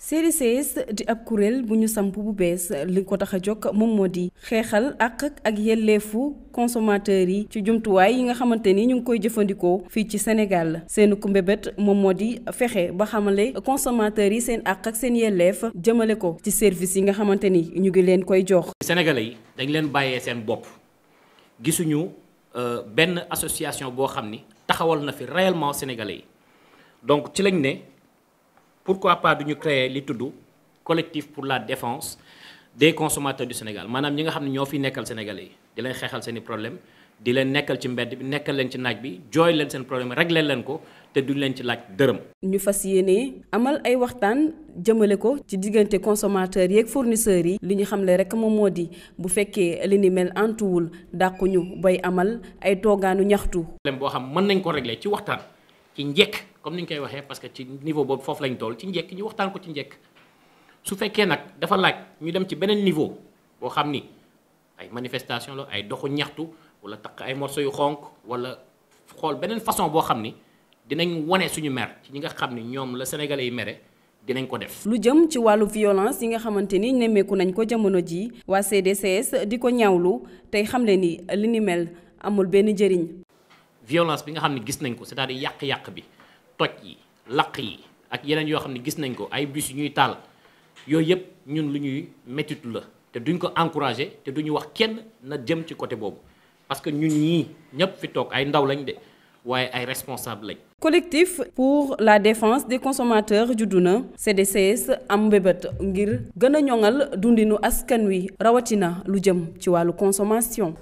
CDCS di ab kuréel bu ñu samp bu bees li ko tax a jóg moom moo di xeexal àq ak yelleefu consommateurs yi ci jumtuwaay yi nga xamante ni ñu ngi koy jëfandikoo fii ci senegal seen ku mbébét moom moo di fexe ba xamale consommateurs yi seen àq ak seen yelleef jëmale ko ci service yi nga xamante ni ñu ngi leen koy jox. Sénégalais yi dañ leen bàyyee seen bopp gisuñu. Euh, benn association boo xam ni taxawal na fi réellement sénégalais yi donc ci lañ ne pour pourquoi pas duñu créer li tudd collectif pour la défense des consommateurs du Sénégal maanaam ñi nga xam ne ñoo fi nekkal sénégalais yi di leen xeexal seeni problème di leen nekkal ci mbedd bi nekkal leen ci naaj bi jooy leen seen problème réglé leen ko du ñu leen ci laaj dërëm. ñu fas yéene amal ay waxtaan jëmale ko ci diggante consommateurs yeeg fournisseurs yi. li ñu xam xamle rek moom moo di bu fekkee li ni mel antuwul dàquñu bay amal ay toogaanu ñaxtu. problème boo xam mën nañ ko régler ci waxtaan ci njekk comme ni ñu koy waxee parce que ci niveau boobu foofu lañ toll ci njekk ñu waxtaan ko ci njekk su fekkee nag dafa laaj ñu dem ci beneen niveau boo xam ni ay manifestation la ay doxu ñaxtu wala taq ay morceau yu xonq wala xool beneen façon boo xam ni. dinañ wane suñu mer ci ñi nga xam ne ñoom la sénégalais yi mere dinañ ko def. lu jëm ci wàllu violence yi nga xamante ni nemmeeku nañ ko jamono jii waa CDCS di ko ñaawlu tey xam le ni li ni mel amul benn njëriñ. violence bi nga xam ne gis nañ ko c'est-à-dire yàq-yàq bi toj yi laq yi ak yeneen yoo xam ne gis nañ ko ay bus yu ñuy taal yooyu yëpp ñun lu ñuy méttitu la te duñ ko encourager te duñu wax kenn na jëm ci côté boobu parce que ñun ñii ñëpp fi toog ay ndaw lañ de. waaye ay responsable collectif pour la défense des consommateurs juddu na CDCS am mbébét ngir gëna a ñoŋal dundinu askan wi rawatina lu jëm ci wàllu consommation.